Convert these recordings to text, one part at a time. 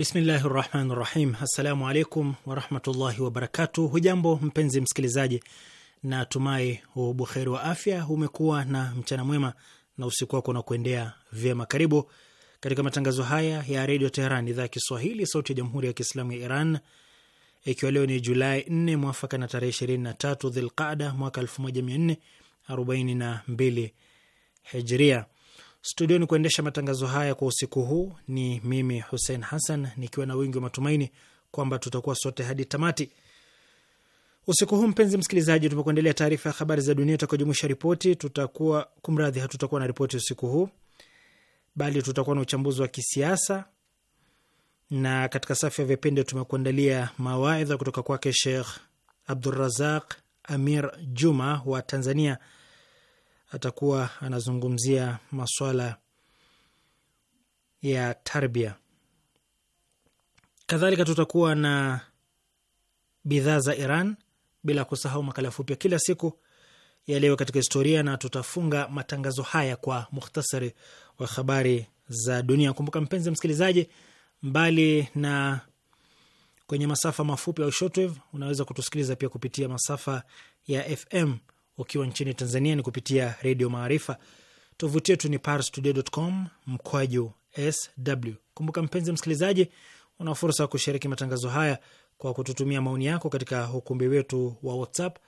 Bismillahi rahmani rahim. Assalamu alaikum warahmatullahi wabarakatu. Hujambo mpenzi msikilizaji, na tumai ubuheri wa afya. Umekuwa na mchana mwema na usiku wako na kuendea vyema. Karibu katika matangazo haya ya redio Teheran, idhaa ya Kiswahili, sauti ya jamhuri ya kiislamu ya Iran, ikiwa leo ni Julai 4 mwafaka na tarehe 23 Dhilqada mwaka 1442 Hijria. Studioni kuendesha matangazo haya kwa usiku huu ni mimi Hussein Hassan, nikiwa na wingi wa matumaini kwamba tutakuwa sote hadi tamati usiku huu. Mpenzi msikilizaji, tumekuendelea taarifa ya habari za dunia utakaojumuisha ripoti, tutakuwa kumradhi, hatutakuwa na ripoti usiku huu, bali tutakuwa na uchambuzi wa kisiasa, na katika safu ya vipindi tumekuandalia mawaidha kutoka kwake Sheikh Abdurazaq Amir Juma wa Tanzania atakuwa anazungumzia maswala ya tarbia. Kadhalika tutakuwa na bidhaa za Iran, bila kusahau makala fupi ya kila siku ya leo katika historia, na tutafunga matangazo haya kwa mukhtasari wa habari za dunia. Kumbuka mpenzi msikilizaji, mbali na kwenye masafa mafupi au shortwave, unaweza kutusikiliza pia kupitia masafa ya FM ukiwa nchini Tanzania ni kupitia Redio Maarifa. Tovuti yetu ni parstoday.com mkwaju sw. Kumbuka mpenzi msikilizaji, una fursa ya kushiriki matangazo haya kwa kututumia maoni yako katika ukumbi wetu wa WhatsApp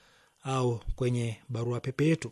au kwenye barua pepe yetu.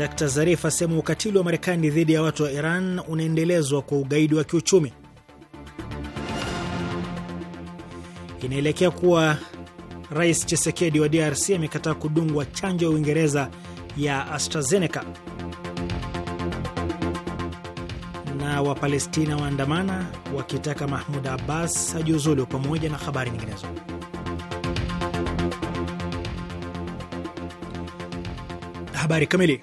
Dr Zarif asema ukatili wa Marekani dhidi ya watu wa Iran unaendelezwa kwa ugaidi wa kiuchumi. Inaelekea kuwa Rais Chisekedi wa DRC amekataa kudungwa chanjo ya Uingereza ya AstraZeneca, na Wapalestina waandamana wakitaka Mahmud Abbas ajiuzulu, pamoja na habari nyinginezo. Habari kamili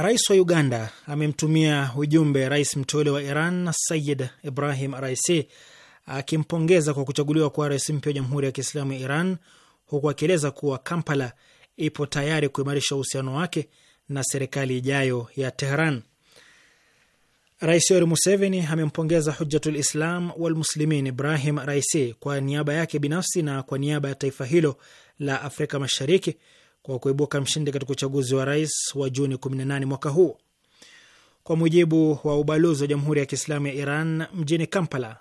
Rais wa Uganda amemtumia ujumbe rais mteule wa Iran Sayid Ibrahim Raisi akimpongeza kwa kuchaguliwa kuwa rais mpya wa Jamhuri ya Kiislamu ya Iran, huku akieleza kuwa Kampala ipo tayari kuimarisha uhusiano wake na serikali ijayo ya Teheran. Rais Yoweri Museveni amempongeza Hujjatul Islam Walmuslimin Ibrahim Raisi kwa niaba yake binafsi na kwa niaba ya taifa hilo la Afrika Mashariki kwa kuibuka mshindi katika uchaguzi wa rais wa Juni 18 mwaka huu. Kwa mujibu wa ubalozi wa Jamhuri ya Kiislamu ya Iran mjini Kampala,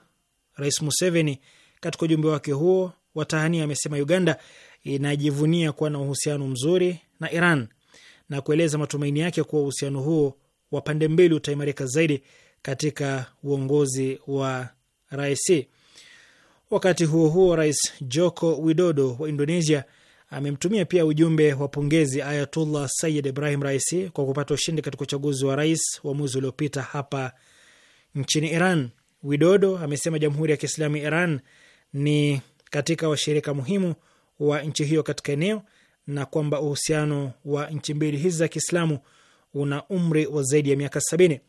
Rais Museveni katika ujumbe wake huo wa tahania amesema Uganda inajivunia kuwa na uhusiano mzuri na Iran na kueleza matumaini yake kuwa uhusiano huo wa pande mbili utaimarika zaidi katika uongozi wa rais. Wakati huo huo, Rais Joko Widodo wa Indonesia amemtumia pia ujumbe wa pongezi Ayatullah Sayyid Ibrahim Raisi kwa kupata ushindi katika uchaguzi wa rais wa mwezi uliopita hapa nchini Iran. Widodo amesema Jamhuri ya Kiislamu Iran ni katika washirika muhimu wa nchi hiyo katika eneo na kwamba uhusiano wa nchi mbili hizi za Kiislamu una umri wa zaidi ya miaka sabini.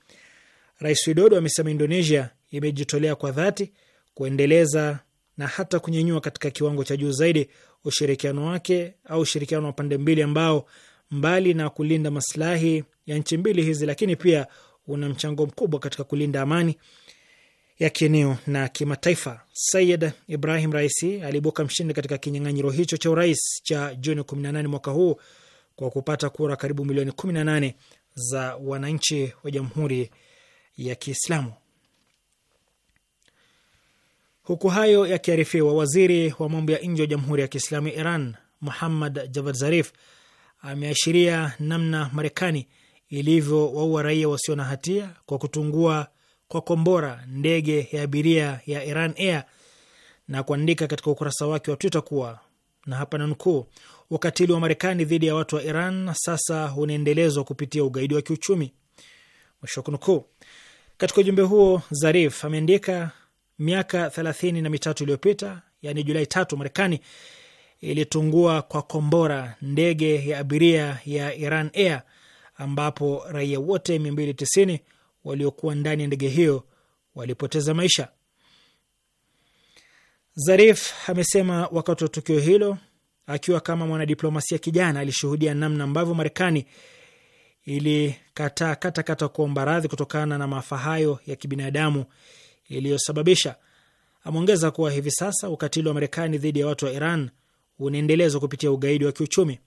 Rais Widodo amesema Indonesia imejitolea kwa dhati kuendeleza na hata kunyanyua katika kiwango cha juu zaidi ushirikiano wake au ushirikiano wa pande mbili ambao mbali na kulinda maslahi ya nchi mbili hizi, lakini pia una mchango mkubwa katika kulinda amani ya kieneo na kimataifa. Sayid Ibrahim Raisi alibuka mshindi katika kinyang'anyiro hicho cha urais cha Juni 18 mwaka huu kwa kupata kura karibu milioni 18 za wananchi wa Jamhuri ya Kiislamu. Huku hayo yakiarifiwa, waziri wa mambo ya nje wa Jamhuri ya Kiislamu ya Iran Muhammad Javad Zarif ameashiria namna Marekani ilivyowaua raia wasio na hatia kwa kutungua kwa kombora ndege ya abiria ya Iran Air na kuandika katika ukurasa wake wa Twitter kuwa na hapa nanukuu, ukatili wa Marekani dhidi ya watu wa Iran sasa unaendelezwa kupitia ugaidi wa kiuchumi, mwisho kunukuu. Katika ujumbe huo Zarif ameandika miaka thelathini na mitatu iliyopita, yani Julai tatu, Marekani ilitungua kwa kombora ndege ya abiria ya Iran Air ambapo raia wote 290 waliokuwa ndani ya ndege hiyo walipoteza maisha. Zarif amesema wakati wa tukio hilo, akiwa kama mwanadiplomasia kijana, alishuhudia namna ambavyo Marekani ilikataa katakata kuomba radhi kutokana na maafa hayo ya kibinadamu iliyosababisha. Ameongeza kuwa hivi sasa ukatili wa Marekani dhidi ya watu wa Iran unaendelezwa kupitia ugaidi wa kiuchumi.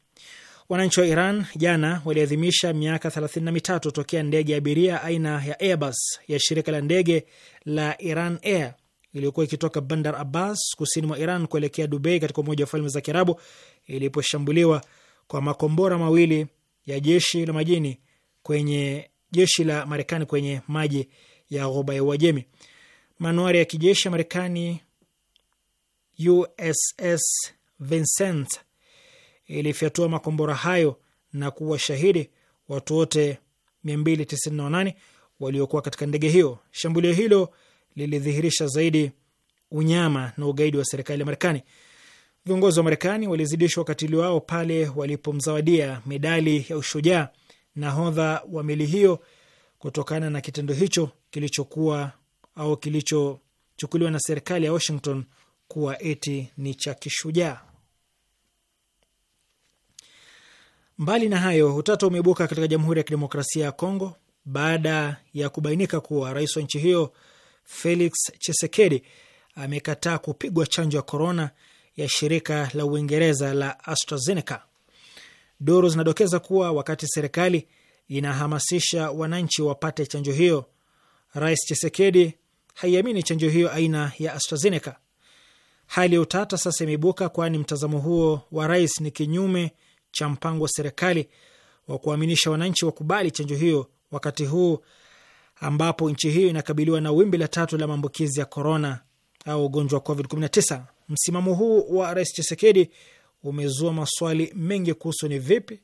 Wananchi wa Iran jana waliadhimisha miaka 33 tokea ndege ya abiria aina ya Airbus ya shirika la ndege la Iran Air iliyokuwa ikitoka Bandar Abbas kusini mwa Iran kuelekea Dubai katika Umoja wa Falme za Kiarabu iliposhambuliwa kwa makombora mawili ya jeshi la majini kwenye jeshi la Marekani kwenye maji ya Ghuba ya Uajemi manuari ya kijeshi ya Marekani USS Vincent ilifyatua makombora hayo na kuwa shahidi watu wote 298 waliokuwa katika ndege hiyo. Shambulio hilo lilidhihirisha zaidi unyama na ugaidi wa serikali ya Marekani. Viongozi wa Marekani walizidisha ukatili wao pale walipomzawadia medali ya ushujaa nahodha wa meli hiyo kutokana na kitendo hicho kilichokuwa au kilichochukuliwa na serikali ya Washington kuwa eti ni cha kishujaa. Mbali na hayo, utata umeibuka katika Jamhuri ya Kidemokrasia ya Kongo baada ya kubainika kuwa rais wa nchi hiyo Felix Tshisekedi amekataa kupigwa chanjo ya korona ya shirika la Uingereza la AstraZeneca. Duru zinadokeza kuwa wakati serikali inahamasisha wananchi wapate chanjo hiyo, rais chisekedi haiamini chanjo hiyo aina ya AstraZeneca. Hali ya utata sasa imeibuka, kwani mtazamo huo wa rais ni kinyume cha mpango wa serikali wa kuaminisha wananchi wakubali chanjo hiyo, wakati huu ambapo nchi hiyo inakabiliwa na wimbi la tatu la maambukizi ya korona au ugonjwa wa COVID-19. Msimamo huu wa rais Chisekedi umezua maswali mengi kuhusu ni vipi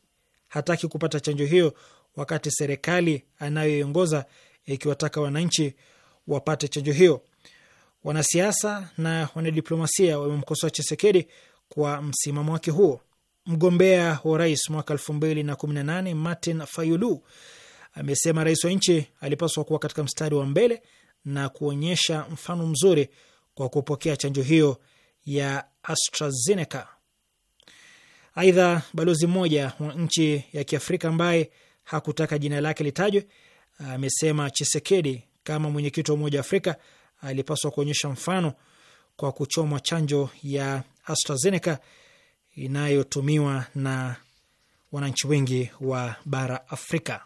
hataki kupata chanjo hiyo, wakati serikali anayoiongoza ikiwataka wananchi wapate chanjo hiyo. Wanasiasa na wanadiplomasia wamemkosoa Chisekedi kwa msimamo wake huo. Mgombea wa rais mwaka elfu mbili na kumi na nane Martin Fayulu amesema rais wa nchi alipaswa kuwa katika mstari wa mbele na kuonyesha mfano mzuri kwa kupokea chanjo hiyo ya AstraZeneca. Aidha, balozi mmoja wa nchi ya Kiafrika ambaye hakutaka jina lake litajwe amesema Chisekedi kama mwenyekiti wa Umoja wa Afrika alipaswa kuonyesha mfano kwa kuchomwa chanjo ya AstraZeneca inayotumiwa na wananchi wengi wa bara Afrika.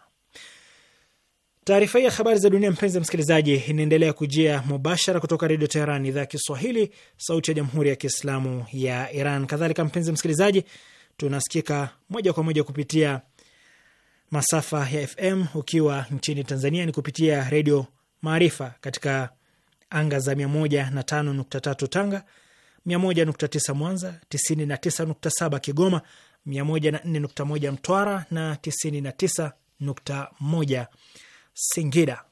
Taarifa hii ya habari za dunia, mpenzi msikilizaji, inaendelea kujia mubashara kutoka Redio Teheran, idhaa ya Kiswahili, sauti ya jamhuri ya kiislamu ya Iran. Kadhalika mpenzi msikilizaji, tunasikika moja kwa moja kupitia masafa ya FM. Ukiwa nchini Tanzania ni kupitia Redio Maarifa katika anga za 105.3 Tanga, 101.9 Mwanza, 99.7 Kigoma, 104.1 Mtwara na 99.1 Singida.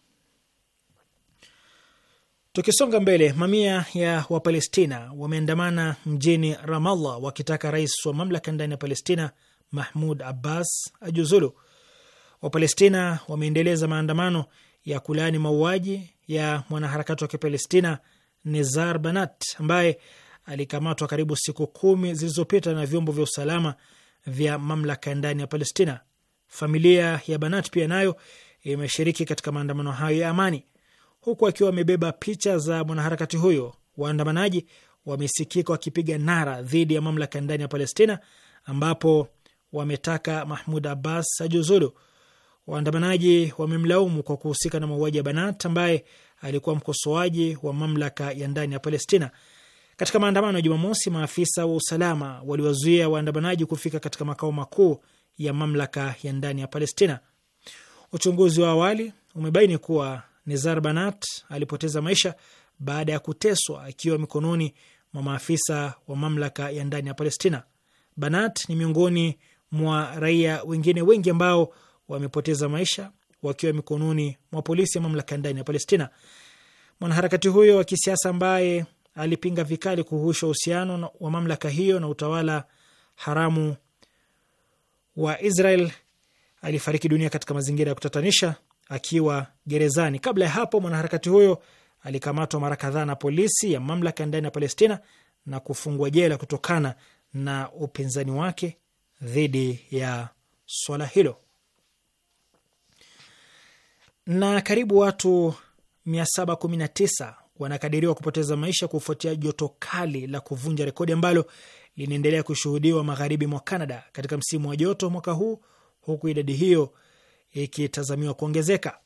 Tukisonga mbele, mamia ya Wapalestina wameandamana mjini Ramallah wakitaka rais wa mamlaka ndani ya Palestina Mahmud Abbas ajuzulu Wapalestina wameendeleza maandamano ya kulaani mauaji ya mwanaharakati wa Kipalestina nezar Banat ambaye alikamatwa karibu siku kumi zilizopita na vyombo vya usalama vya mamlaka ya ndani ya Palestina. Familia ya Banat pia nayo imeshiriki katika maandamano hayo ya amani, huku akiwa wamebeba picha za mwanaharakati huyo. Waandamanaji wamesikika wakipiga nara dhidi ya mamlaka ndani ya Palestina, ambapo wametaka Mahmud Abbas ajuzulu. Waandamanaji wamemlaumu kwa kuhusika na mauaji ya Banat ambaye alikuwa mkosoaji wa mamlaka ya ndani ya Palestina. Katika maandamano ya Jumamosi, maafisa wa usalama waliwazuia waandamanaji kufika katika makao makuu ya mamlaka ya ndani ya Palestina. Uchunguzi wa awali umebaini kuwa Nizar Banat alipoteza maisha baada ya kuteswa akiwa mikononi mwa maafisa wa mamlaka ya ndani ya Palestina. Banat ni miongoni mwa raia wengine wengi ambao wamepoteza maisha wakiwa mikononi mwa polisi ya mamlaka ndani ya Palestina. Mwanaharakati huyo wa kisiasa ambaye alipinga vikali kuhusha uhusiano wa mamlaka hiyo na utawala haramu wa Israel alifariki dunia katika mazingira ya kutatanisha akiwa gerezani. Kabla ya hapo, mwanaharakati huyo alikamatwa mara kadhaa na polisi ya mamlaka ndani ya Palestina na kufungwa jela kutokana na upinzani wake dhidi ya swala hilo na karibu watu 719 wanakadiriwa kupoteza maisha kufuatia joto kali la kuvunja rekodi ambalo linaendelea kushuhudiwa magharibi mwa Canada katika msimu wa joto mwaka huu, huku idadi hiyo ikitazamiwa kuongezeka.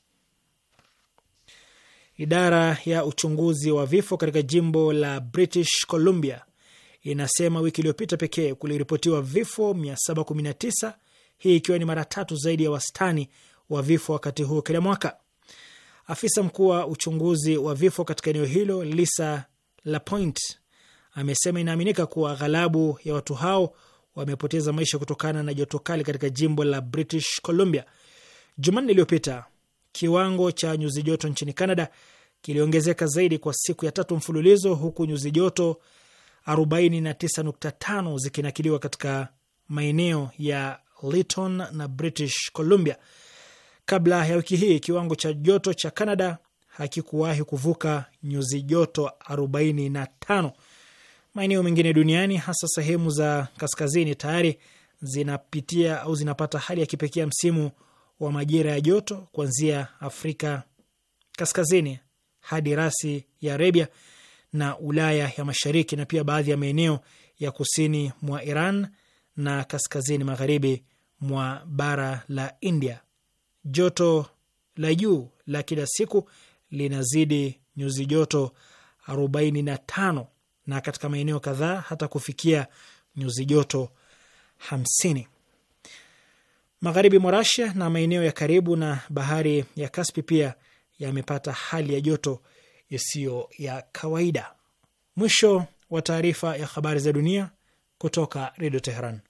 Idara ya uchunguzi wa vifo katika jimbo la British Columbia inasema wiki iliyopita pekee kuliripotiwa vifo 719, hii ikiwa ni mara tatu zaidi ya wastani wa vifo wakati huu kila mwaka. Afisa mkuu wa uchunguzi wa vifo katika eneo hilo Lisa Lapoint amesema inaaminika kuwa ghalabu ya watu hao wamepoteza maisha kutokana na joto kali katika jimbo la British Columbia. Jumanne iliyopita kiwango cha nyuzi joto nchini Canada kiliongezeka zaidi kwa siku ya tatu mfululizo, huku nyuzi joto 49.5 zikinakiliwa katika maeneo ya Lytton na British Columbia. Kabla ya wiki hii kiwango cha joto cha Canada hakikuwahi kuvuka nyuzi joto 45. Maeneo mengine duniani hasa sehemu za kaskazini tayari zinapitia au zinapata hali ya kipekee msimu wa majira ya joto kuanzia Afrika kaskazini hadi rasi ya Arabia na Ulaya ya Mashariki na pia baadhi ya maeneo ya kusini mwa Iran na kaskazini magharibi mwa bara la India joto la juu la kila siku linazidi nyuzi joto 45 na katika maeneo kadhaa hata kufikia nyuzi joto 50. Magharibi mwa Rasia na maeneo ya karibu na bahari ya Kaspi pia yamepata hali ya joto isiyo ya kawaida. Mwisho wa taarifa ya habari za dunia kutoka Redio Teheran.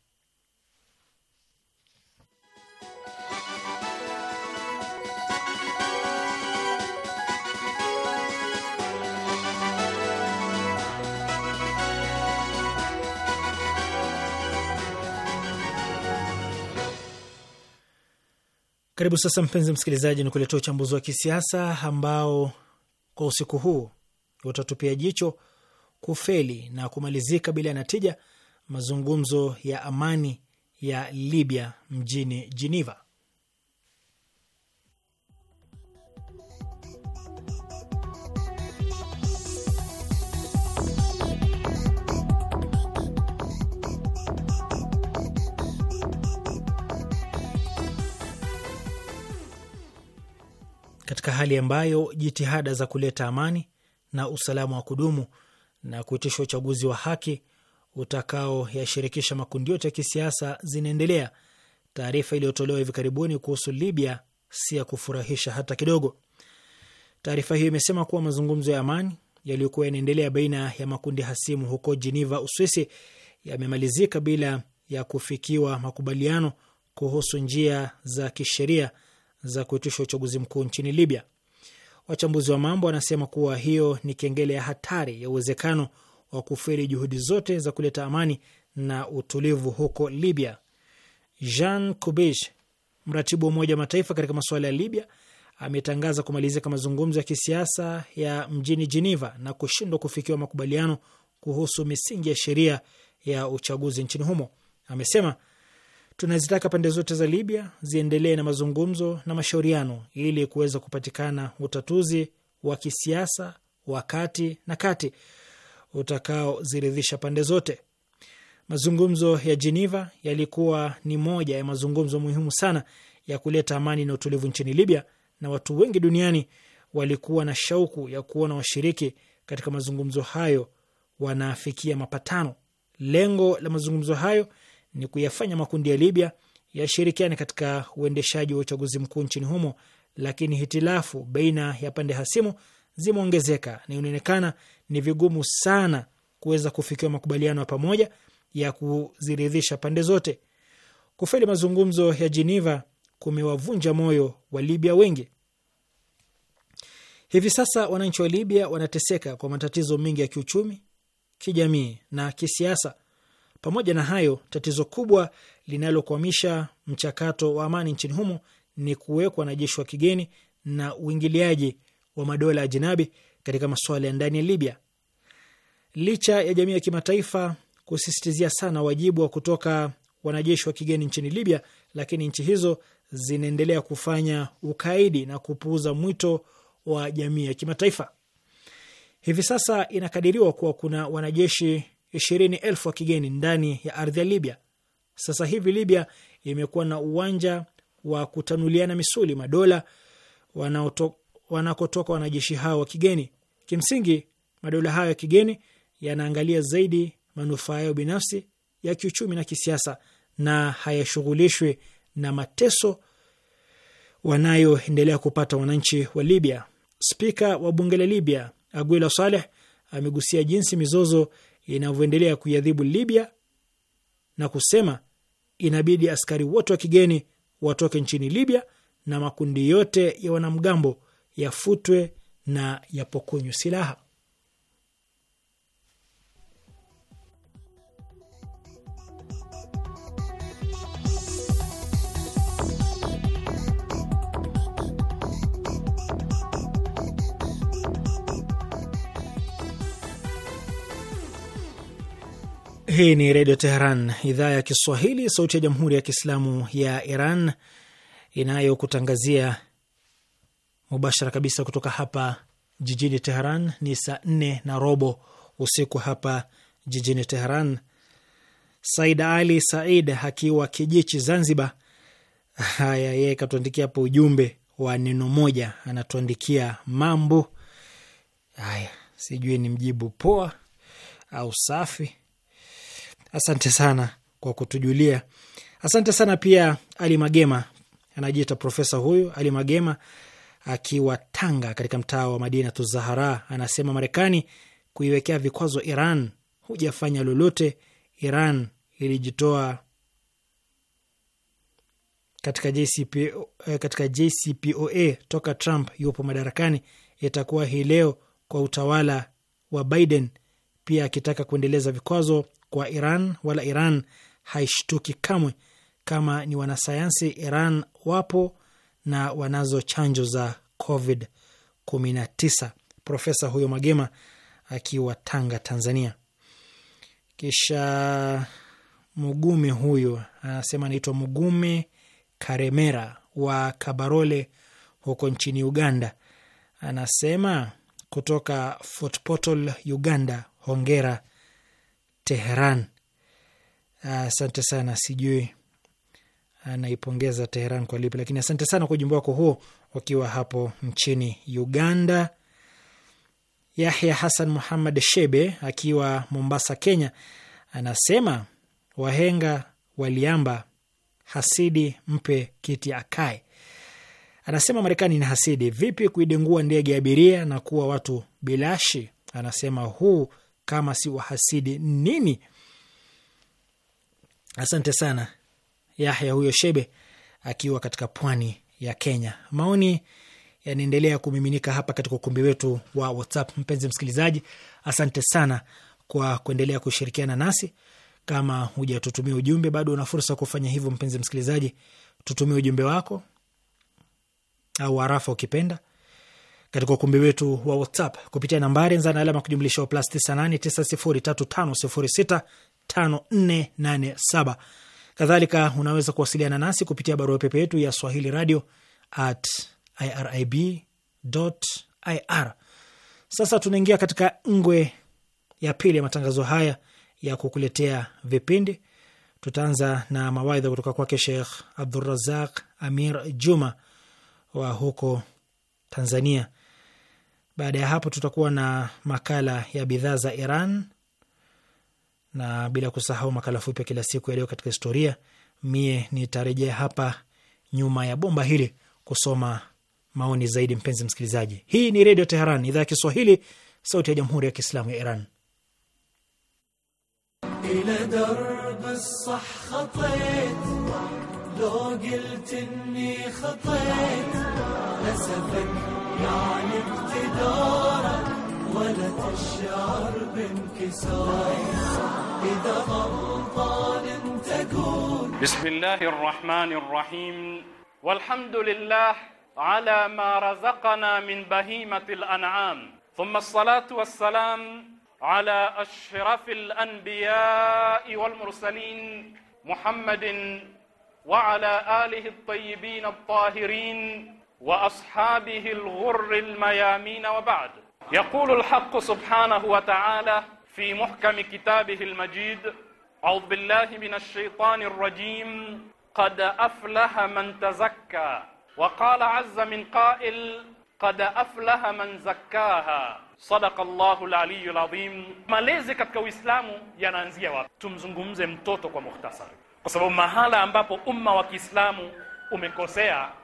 Karibu sasa, mpenzi msikilizaji, ni kuletea uchambuzi wa kisiasa ambao kwa usiku huu utatupia jicho kufeli na kumalizika bila ya natija mazungumzo ya amani ya Libya mjini Geneva. katika hali ambayo jitihada za kuleta amani na usalama wa kudumu na kuitisha uchaguzi wa haki utakaoyashirikisha makundi yote ya kisiasa zinaendelea. Taarifa iliyotolewa hivi karibuni kuhusu Libya si ya kufurahisha hata kidogo. Taarifa hiyo imesema kuwa mazungumzo ya amani yaliyokuwa yanaendelea baina ya makundi hasimu huko Geneva, Uswisi, yamemalizika bila ya kufikiwa makubaliano kuhusu njia za kisheria za kuitisha uchaguzi mkuu nchini Libya. Wachambuzi wa mambo wanasema kuwa hiyo ni kengele ya hatari ya uwezekano wa kufeli juhudi zote za kuleta amani na utulivu huko Libya. Jean Kubish, mratibu wa Umoja wa Mataifa katika masuala ya Libya, ametangaza kumalizika mazungumzo ya kisiasa ya mjini Geneva na kushindwa kufikiwa makubaliano kuhusu misingi ya sheria ya uchaguzi nchini humo. Amesema Tunazitaka pande zote za Libya ziendelee na mazungumzo na mashauriano ili kuweza kupatikana utatuzi wa kisiasa wa kati na kati utakaoziridhisha pande zote. Mazungumzo ya Geneva yalikuwa ni moja ya mazungumzo muhimu sana ya kuleta amani na utulivu nchini Libya, na watu wengi duniani walikuwa na shauku ya kuona washiriki katika mazungumzo hayo wanafikia mapatano. Lengo la mazungumzo hayo ni kuyafanya makundi ya Libya yashirikiane katika uendeshaji wa uchaguzi mkuu nchini humo, lakini hitilafu baina ya pande hasimu zimeongezeka na inaonekana ni vigumu sana kuweza kufikiwa makubaliano ya pamoja ya kuziridhisha pande zote. Kufeli mazungumzo ya Geneva kumewavunja moyo wa Libya wengi. Hivi sasa wananchi wa Libya wanateseka kwa matatizo mengi ya kiuchumi, kijamii na kisiasa pamoja na hayo, tatizo kubwa linalokwamisha mchakato wa amani nchini humo ni kuwekwa wanajeshi wa kigeni na uingiliaji wa madola ya jinabi katika masuala ya ndani ya Libya. Licha ya jamii ya kimataifa kusisitizia sana wajibu wa kutoka wanajeshi wa kigeni nchini Libya, lakini nchi hizo zinaendelea kufanya ukaidi na kupuuza mwito wa jamii ya kimataifa. Hivi sasa inakadiriwa kuwa kuna wanajeshi ishirini elfu wa kigeni ndani ya ardhi ya Libya. Sasa hivi Libya imekuwa na uwanja wa kutanuliana misuli madola wanakotoka wanajeshi hao wa kigeni. Kimsingi, madola hayo ya kigeni yanaangalia zaidi manufaa yao binafsi ya kiuchumi na kisiasa, na hayashughulishwi na mateso wanayoendelea kupata wananchi wa Libya. Spika wa bunge la Libya Aguila Saleh amegusia jinsi mizozo inavyoendelea kuiadhibu Libya na kusema inabidi askari wote wa kigeni watoke nchini Libya na makundi yote ya wanamgambo yafutwe na yapokonywe silaha. Hii ni Redio Teheran, idhaa ya Kiswahili, sauti ya Jamhuri ya Kiislamu ya Iran, inayokutangazia mubashara kabisa kutoka hapa jijini Teheran. Ni saa nne na robo usiku hapa jijini Teheran. Said Ali Said akiwa Kijichi, Zanzibar. Haya, yeye katuandikia hapo ujumbe wa neno moja, anatuandikia mambo haya, sijui ni mjibu poa au safi Asante sana kwa kutujulia. Asante sana pia Ali Magema, anajiita profesa huyu Ali Magema akiwa Tanga katika mtaa wa Madina Tuzahara, anasema Marekani kuiwekea vikwazo Iran, hujafanya lolote. Iran ilijitoa katika JCPO, eh, katika JCPOA toka Trump yupo madarakani. Itakuwa hii leo kwa utawala wa Biden, pia akitaka kuendeleza vikwazo kwa Iran wala Iran haishtuki kamwe kama ni wanasayansi Iran wapo na wanazo chanjo za Covid 19. Profesa huyo Magema akiwa Tanga, Tanzania. Kisha Mugume huyo anasema anaitwa Mugume Karemera wa Kabarole huko nchini Uganda. Anasema kutoka Fort Portal, Uganda, hongera Teheran. Asante sana, sijui anaipongeza Teheran kwa lipi, lakini asante sana kwa ujumbe wako huo wakiwa hapo nchini Uganda. Yahya Hasan Muhammad Shebe akiwa Mombasa, Kenya, anasema wahenga waliamba hasidi mpe kiti akae. Anasema Marekani ni hasidi, vipi kuidengua ndege ya abiria na kuwa watu bilashi? Anasema huu kama si wahasidi nini? Asante sana Yahya huyo Shebe akiwa katika pwani ya Kenya. Maoni yanaendelea kumiminika hapa katika ukumbi wetu wa WhatsApp. Mpenzi msikilizaji, asante sana kwa kuendelea kushirikiana nasi. Kama hujatutumia ujumbe, bado una fursa ya kufanya hivyo. Mpenzi msikilizaji, tutumie ujumbe wako au arafa ukipenda katika ukumbi wetu wa WhatsApp kupitia nambari nzana na alama kujumlisha wa plus 989035065487. Kadhalika unaweza kuwasiliana nasi kupitia barua pepe yetu ya swahili radio at irib ir. Sasa tunaingia katika ngwe ya pili ya matangazo haya ya kukuletea vipindi. Tutaanza na mawaidha kutoka kwake Sheikh Abdurazaq Amir Juma wa huko Tanzania baada ya hapo, tutakuwa na makala ya bidhaa za Iran na bila kusahau makala fupi ya kila siku yaliyo katika historia. Mie nitarejea hapa nyuma ya bomba hili kusoma maoni zaidi. Mpenzi msikilizaji, hii ni Redio Teheran, idhaa ya Kiswahili, sauti ya Jamhuri ya Kiislamu ya Iran. دارك ولا تشعر بانكسار إذا غلطان تكون بسم الله الرحمن الرحيم والحمد لله على ما رزقنا من بهيمة الأنعام ثم الصلاة والسلام على أشرف الأنبياء والمرسلين محمد وعلى آله الطيبين الطاهرين وأصحابه الغر الميامين وبعد يقول الحق سبحانه وتعالى في محكم كتابه المجيد أعوذ بالله من الشيطان الرجيم قد أفلح من تزكى وقال عز من قائل قد أفلح من زكاها صدق الله العلي العظيم ما لازم كتكو إسلام ينانزي وقت تمزنقم زمتوتو ومختصر قصبو مهالا أمبابو أمة وكإسلام umekosea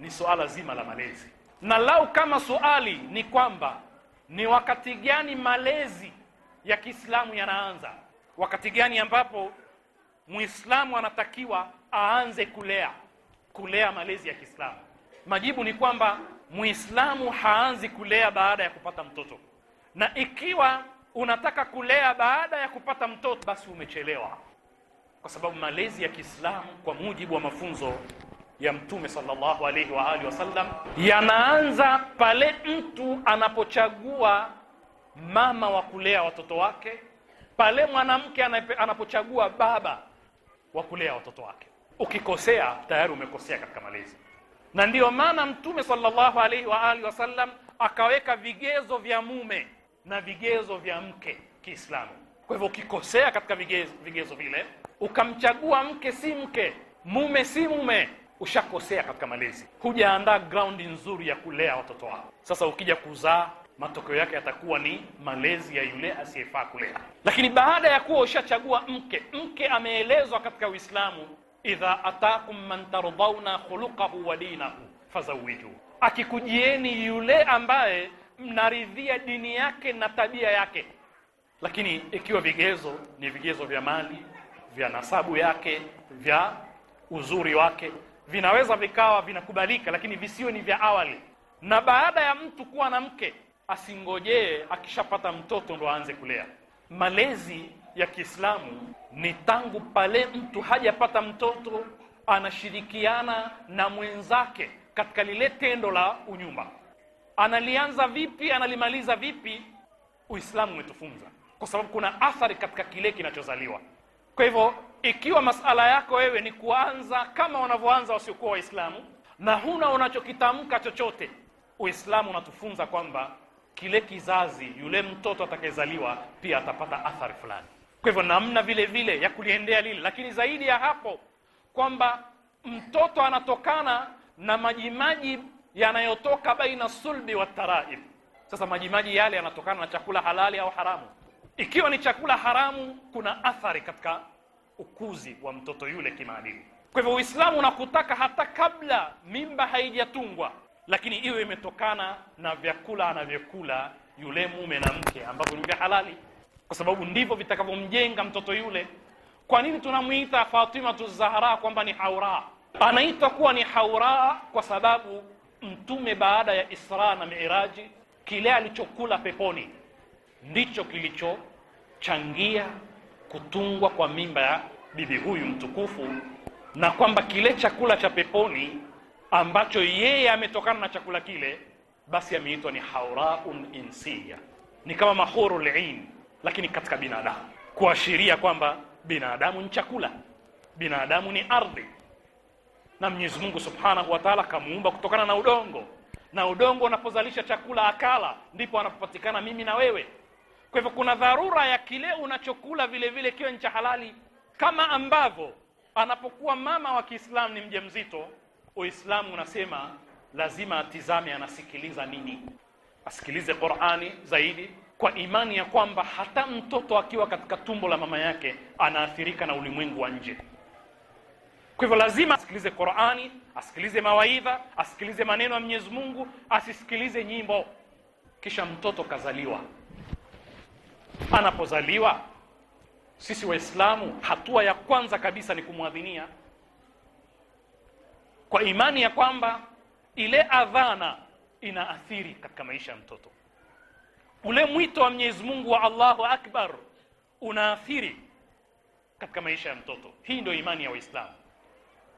ni suala zima la malezi, na lau kama suali ni kwamba ni wakati gani malezi ya Kiislamu yanaanza, wakati gani ambapo Muislamu anatakiwa aanze kulea kulea malezi ya Kiislamu, majibu ni kwamba Muislamu haanzi kulea baada ya kupata mtoto, na ikiwa unataka kulea baada ya kupata mtoto, basi umechelewa, kwa sababu malezi ya Kiislamu kwa mujibu wa mafunzo ya Mtume sallallahu alaihi wa alihi wasallam yanaanza pale mtu anapochagua mama wa kulea watoto wake, pale mwanamke anapochagua baba wa kulea watoto wake. Ukikosea tayari umekosea katika malezi, na ndiyo maana Mtume sallallahu alaihi wa alihi wasallam akaweka vigezo vya mume na vigezo vya mke Kiislamu. Kwa hivyo ukikosea katika vigezo, vigezo vile ukamchagua mke si mke, mume si mume ushakosea katika malezi, hujaandaa graundi nzuri ya kulea watoto wao. Sasa ukija kuzaa, matokeo yake yatakuwa ni malezi ya yule asiyefaa kulea. Lakini baada ya kuwa ushachagua mke, mke ameelezwa katika Uislamu, idha atakum man tardhauna khuluqahu wa dinahu fazawiju, akikujieni yule ambaye mnaridhia dini yake na tabia yake. Lakini ikiwa vigezo ni vigezo vya mali, vya nasabu yake, vya uzuri wake vinaweza vikawa vinakubalika, lakini visiwe ni vya awali. Na baada ya mtu kuwa na mke, asingojee akishapata mtoto ndo aanze kulea. Malezi ya Kiislamu ni tangu pale mtu hajapata mtoto, anashirikiana na mwenzake katika lile tendo la unyumba. Analianza vipi, analimaliza vipi? Uislamu umetufunza, kwa sababu kuna athari katika kile kinachozaliwa. Kwa hivyo ikiwa masala yako wewe ni kuanza kama wanavyoanza wasiokuwa Waislamu na huna unachokitamka chochote, Uislamu unatufunza kwamba kile kizazi, yule mtoto atakayezaliwa pia atapata athari fulani. Kwa hivyo namna vile vile ya kuliendea lile, lakini zaidi ya hapo kwamba mtoto anatokana na majimaji yanayotoka baina sulbi wa taraib. Sasa majimaji yale yanatokana na chakula halali au haramu. Ikiwa ni chakula haramu, kuna athari katika ukuzi wa mtoto yule kimaadili. Kwa hivyo Uislamu unakutaka hata kabla mimba haijatungwa, lakini iwe imetokana na vyakula anavyokula yule mume na mke ambavyo ni vya halali, kwa sababu ndivyo vitakavyomjenga mtoto yule. Kwa nini tunamwita Fatimatu Zahra kwamba ni haura? Anaitwa kuwa ni haura kwa sababu Mtume baada ya Isra na Miraji, kile alichokula peponi ndicho kilichochangia kutungwa kwa mimba ya bibi huyu mtukufu, na kwamba kile chakula cha peponi ambacho yeye ametokana na chakula kile, basi ameitwa ni hauraun insiya, ni kama mahuru lain, lakini katika binadamu, kuashiria kwamba binadamu ni chakula, binadamu ni ardhi, na Mwenyezi Mungu Subhanahu wa Ta'ala kamuumba kutokana na udongo, na udongo unapozalisha chakula akala, ndipo anapopatikana mimi na wewe. Kwa hivyo kuna dharura ya kile unachokula vile vile kiwe ni cha halali, kama ambavyo anapokuwa mama wa Kiislamu ni mjamzito, Uislamu unasema lazima atizame anasikiliza nini, asikilize Qur'ani zaidi kwa imani ya kwamba hata mtoto akiwa katika tumbo la mama yake anaathirika na ulimwengu wa nje. Kwa hivyo lazima asikilize Qur'ani, asikilize mawaidha, asikilize maneno ya Mwenyezi Mungu, asisikilize nyimbo. Kisha mtoto kazaliwa anapozaliwa sisi waislamu hatua ya kwanza kabisa ni kumwadhinia kwa imani ya kwamba ile adhana inaathiri katika maisha ya mtoto ule mwito wa Mwenyezi Mungu wa Allahu Akbar unaathiri katika maisha ya mtoto hii ndio imani ya waislamu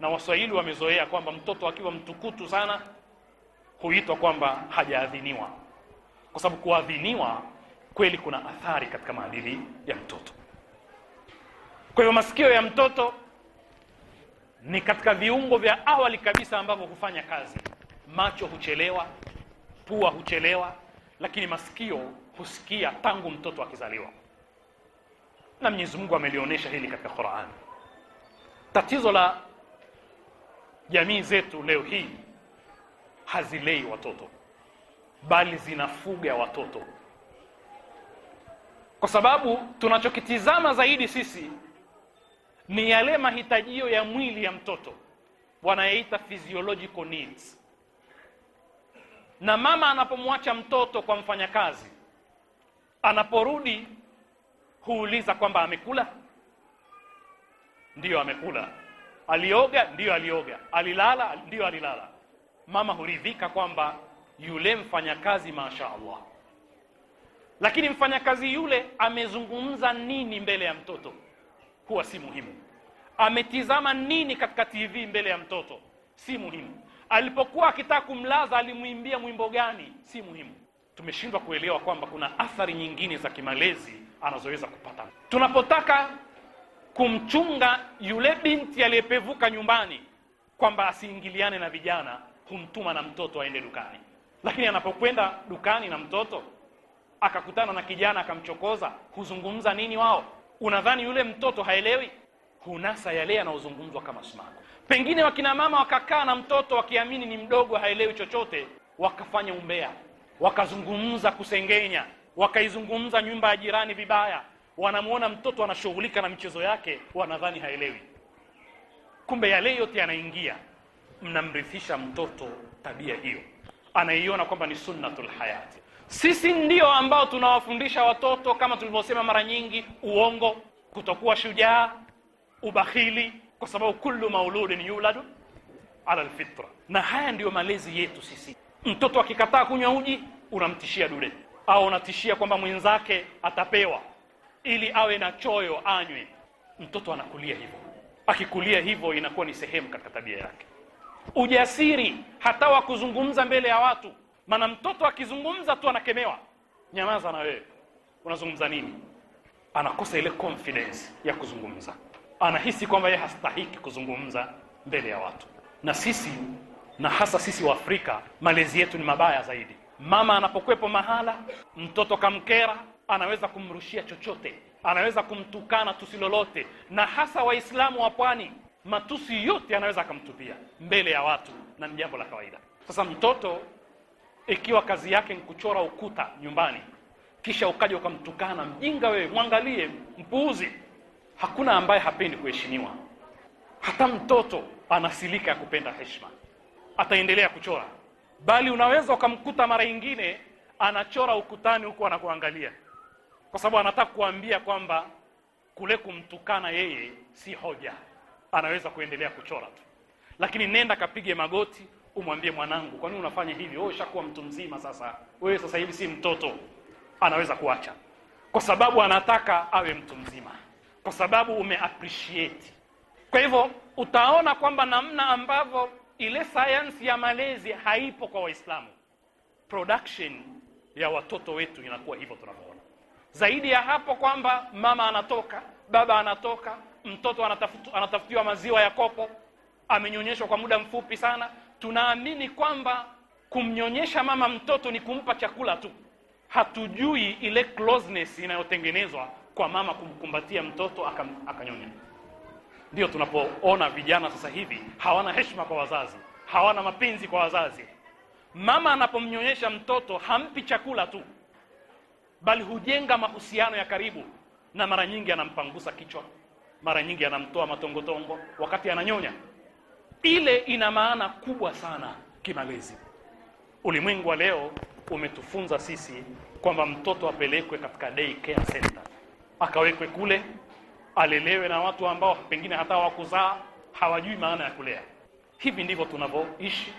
na waswahili wamezoea kwamba mtoto akiwa mtukutu sana huitwa kwamba hajaadhiniwa kwa sababu kuadhiniwa kweli kuna athari katika maadili ya mtoto kwa hivyo masikio ya mtoto ni katika viungo vya awali kabisa ambavyo hufanya kazi macho huchelewa pua huchelewa lakini masikio husikia tangu mtoto akizaliwa na Mwenyezi Mungu amelionyesha hili katika Qur'an tatizo la jamii zetu leo hii hazilei watoto bali zinafuga watoto kwa sababu tunachokitizama zaidi sisi ni yale mahitajio ya mwili ya mtoto wanayaita physiological needs na mama anapomwacha mtoto kwa mfanyakazi anaporudi huuliza kwamba amekula ndiyo amekula alioga ndiyo alioga alilala ndiyo alilala mama huridhika kwamba yule mfanyakazi mashaallah lakini mfanyakazi yule amezungumza nini mbele ya mtoto huwa si muhimu ametizama nini katika tv mbele ya mtoto si muhimu alipokuwa akitaka kumlaza alimwimbia mwimbo gani si muhimu tumeshindwa kuelewa kwamba kuna athari nyingine za kimalezi anazoweza kupata tunapotaka kumchunga yule binti aliyepevuka nyumbani kwamba asiingiliane na vijana humtuma na mtoto aende dukani lakini anapokwenda dukani na mtoto akakutana na kijana akamchokoza, huzungumza nini wao? Unadhani yule mtoto haelewi? Hunasa yale yanayozungumzwa kama smako. Pengine wakina mama wakakaa na mtoto wakiamini ni mdogo, haelewi chochote, wakafanya umbea, wakazungumza kusengenya, wakaizungumza nyumba ya jirani vibaya. Wanamwona mtoto anashughulika na michezo yake, wanadhani haelewi, kumbe yale yote yanaingia. Mnamrithisha mtoto tabia hiyo, anaiona kwamba ni sunnatul hayati. Sisi ndio ambao tunawafundisha watoto kama tulivyosema mara nyingi, uongo, kutokuwa shujaa, ubakhili, kwa sababu kullu mauludin yuladu ala alfitra, na haya ndiyo malezi yetu sisi. Mtoto akikataa kunywa uji unamtishia dure, au unatishia kwamba mwenzake atapewa ili awe na choyo anywe. Mtoto anakulia hivyo, akikulia hivyo inakuwa ni sehemu katika tabia yake. Ujasiri hata wa kuzungumza mbele ya watu maana mtoto akizungumza tu anakemewa nyamaza na wewe unazungumza nini anakosa ile confidence ya kuzungumza anahisi kwamba yeye hastahiki kuzungumza mbele ya watu na sisi na hasa sisi wa Afrika malezi yetu ni mabaya zaidi mama anapokwepo mahala mtoto kamkera anaweza kumrushia chochote anaweza kumtukana tusi lolote na hasa waislamu wa pwani matusi yote anaweza akamtupia mbele ya watu na ni jambo la kawaida sasa mtoto ikiwa kazi yake ni kuchora ukuta nyumbani, kisha ukaja ukamtukana, mjinga wewe, mwangalie, mpuuzi. Hakuna ambaye hapendi kuheshimiwa. Hata mtoto anasilika ya kupenda heshima, ataendelea kuchora, bali unaweza ukamkuta mara nyingine anachora ukutani huku anakuangalia, kwa sababu anataka kuambia kwamba kule kumtukana yeye si hoja, anaweza kuendelea kuchora tu. Lakini nenda kapige magoti, umwambie mwanangu, kwa nini unafanya hivi? Wewe ushakuwa mtu mzima sasa, wewe sasa hivi si mtoto. Anaweza kuacha kwa sababu anataka awe mtu mzima, kwa sababu ume Kwa hivyo utaona kwamba namna ambavyo ile sayansi ya malezi haipo kwa Waislamu, production ya watoto wetu inakuwa hivyo tunavyoona. Zaidi ya hapo kwamba mama anatoka, baba anatoka, mtoto anatafutiwa maziwa ya kopo, amenyonyeshwa kwa muda mfupi sana tunaamini kwamba kumnyonyesha mama mtoto ni kumpa chakula tu. Hatujui ile closeness inayotengenezwa kwa mama kumkumbatia mtoto akanyonya. Ndio tunapoona vijana sasa hivi hawana heshima kwa wazazi, hawana mapenzi kwa wazazi. Mama anapomnyonyesha mtoto hampi chakula tu, bali hujenga mahusiano ya karibu, na mara nyingi anampangusa kichwa, mara nyingi anamtoa matongotongo wakati ananyonya ile ina maana kubwa sana kimalezi ulimwengu wa leo umetufunza sisi kwamba mtoto apelekwe katika day care center akawekwe kule alelewe na watu ambao pengine hata wakuzaa hawajui maana ya kulea hivi ndivyo tunavyoishi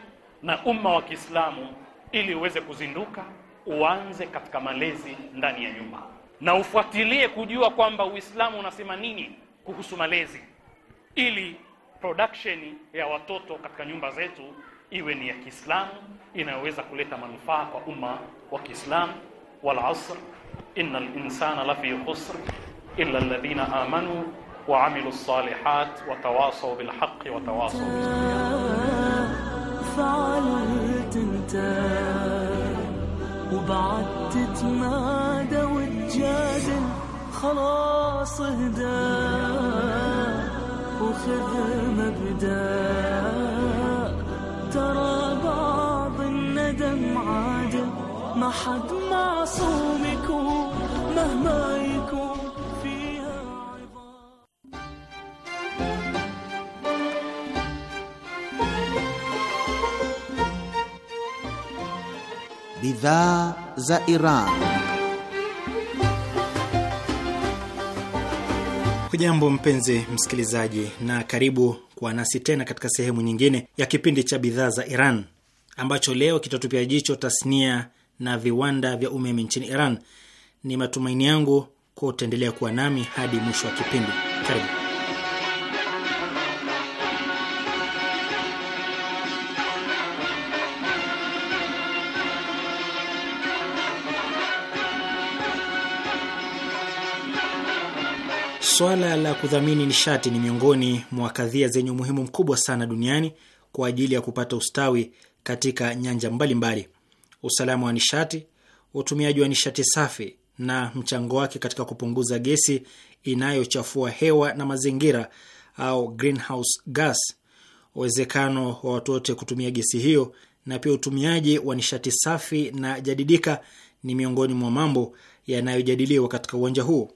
na umma wa Kiislamu ili uweze kuzinduka uanze katika malezi ndani ya nyumba na ufuatilie kujua kwamba Uislamu unasema nini kuhusu malezi ili production ya watoto katika nyumba zetu iwe ni ya Kiislamu inayoweza kuleta manufaa kwa umma wa Kiislamu wal asr innal insana lafi khusr illa alladhina amanu wa amilu salihat wa tawasaw bil haqqi wa tawasaw bis فعلت خلاص اهدى عاشق مبدا ترى بعض الندم عادة ما حد معصوم يكون مهما يكون فيها بذا زائران Hujambo mpenzi msikilizaji, na karibu kuwa nasi tena katika sehemu nyingine ya kipindi cha bidhaa za Iran ambacho leo kitatupia jicho tasnia na viwanda vya umeme nchini Iran. Ni matumaini yangu kwa utaendelea kuwa nami hadi mwisho wa kipindi. Karibu. Swala la kudhamini nishati ni miongoni mwa kadhia zenye umuhimu mkubwa sana duniani kwa ajili ya kupata ustawi katika nyanja mbalimbali. Usalama wa nishati, utumiaji wa nishati safi na mchango wake katika kupunguza gesi inayochafua hewa na mazingira au greenhouse gas, uwezekano wa watu wote kutumia gesi hiyo, na pia utumiaji wa nishati safi na jadidika ni miongoni mwa mambo yanayojadiliwa katika uwanja huo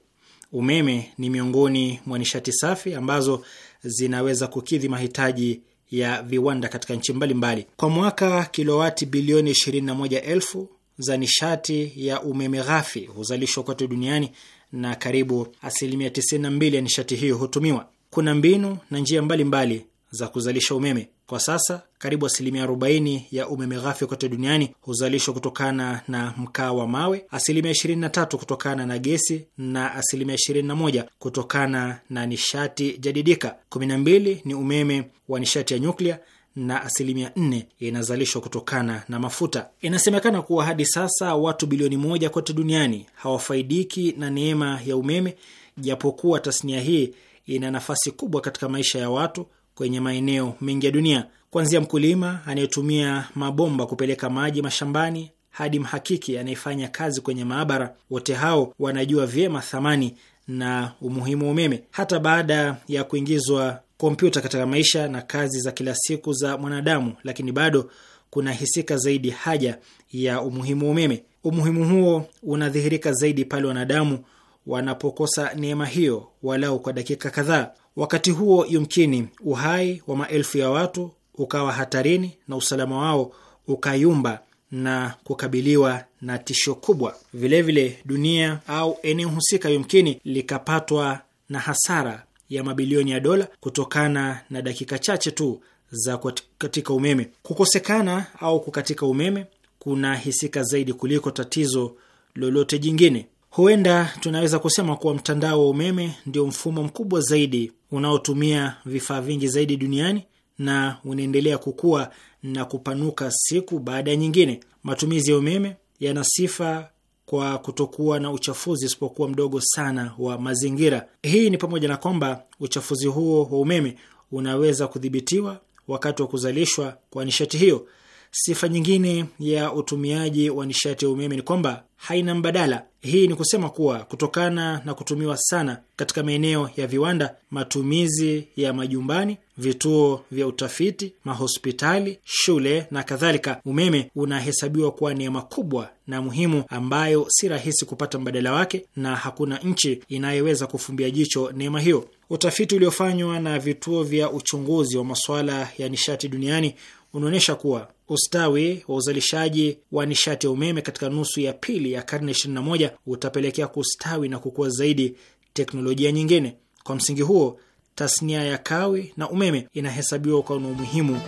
umeme ni miongoni mwa nishati safi ambazo zinaweza kukidhi mahitaji ya viwanda katika nchi mbalimbali. Kwa mwaka kilowati bilioni 21,000 za nishati ya umeme ghafi huzalishwa kote duniani na karibu asilimia 92 ya nishati hiyo hutumiwa. Kuna mbinu na njia mbalimbali mbali za kuzalisha umeme. Kwa sasa karibu asilimia 40 ya umeme ghafi kote duniani huzalishwa kutokana na mkaa wa mawe, asilimia 23 kutokana na gesi na asilimia 21 kutokana na nishati jadidika. 12 ni umeme wa nishati ya nyuklia na asilimia 4 inazalishwa kutokana na mafuta. Inasemekana kuwa hadi sasa watu bilioni moja kote duniani hawafaidiki na neema ya umeme, japokuwa tasnia hii ina nafasi kubwa katika maisha ya watu kwenye maeneo mengi ya dunia, kuanzia mkulima anayetumia mabomba kupeleka maji mashambani hadi mhakiki anayefanya kazi kwenye maabara. Wote hao wanajua vyema thamani na umuhimu wa umeme. Hata baada ya kuingizwa kompyuta katika maisha na kazi za kila siku za mwanadamu, lakini bado kuna hisika zaidi haja ya umuhimu wa umeme. Umuhimu huo unadhihirika zaidi pale wanadamu wanapokosa neema hiyo walau kwa dakika kadhaa. Wakati huo yumkini uhai wa maelfu ya watu ukawa hatarini na usalama wao ukayumba na kukabiliwa na tisho kubwa. Vilevile vile dunia au eneo husika yumkini likapatwa na hasara ya mabilioni ya dola kutokana na dakika chache tu za kukatika umeme. Kukosekana au kukatika umeme kuna hisika zaidi kuliko tatizo lolote jingine. Huenda tunaweza kusema kuwa mtandao wa umeme ndio mfumo mkubwa zaidi unaotumia vifaa vingi zaidi duniani na unaendelea kukua na kupanuka siku baada ya nyingine. Matumizi ya umeme yana sifa kwa kutokuwa na uchafuzi usipokuwa mdogo sana wa mazingira. Hii ni pamoja na kwamba uchafuzi huo wa umeme unaweza kudhibitiwa wakati wa kuzalishwa kwa nishati hiyo. Sifa nyingine ya utumiaji wa nishati ya umeme ni kwamba haina mbadala, hii ni kusema kuwa kutokana na kutumiwa sana katika maeneo ya viwanda, matumizi ya majumbani, vituo vya utafiti, mahospitali, shule na kadhalika, umeme unahesabiwa kuwa neema kubwa na muhimu ambayo si rahisi kupata mbadala wake, na hakuna nchi inayoweza kufumbia jicho neema hiyo. Utafiti uliofanywa na vituo vya uchunguzi wa masuala ya nishati duniani unaonyesha kuwa ustawi wa uzalishaji wa nishati ya umeme katika nusu ya pili ya karne 21 utapelekea kustawi na kukua zaidi teknolojia nyingine. Kwa msingi huo, tasnia ya kawi na umeme inahesabiwa kwa na umuhimu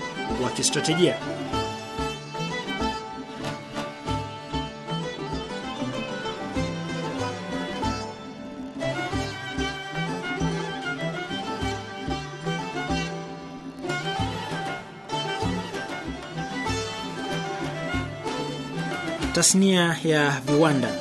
wa kistratejia. Tasnia ya viwanda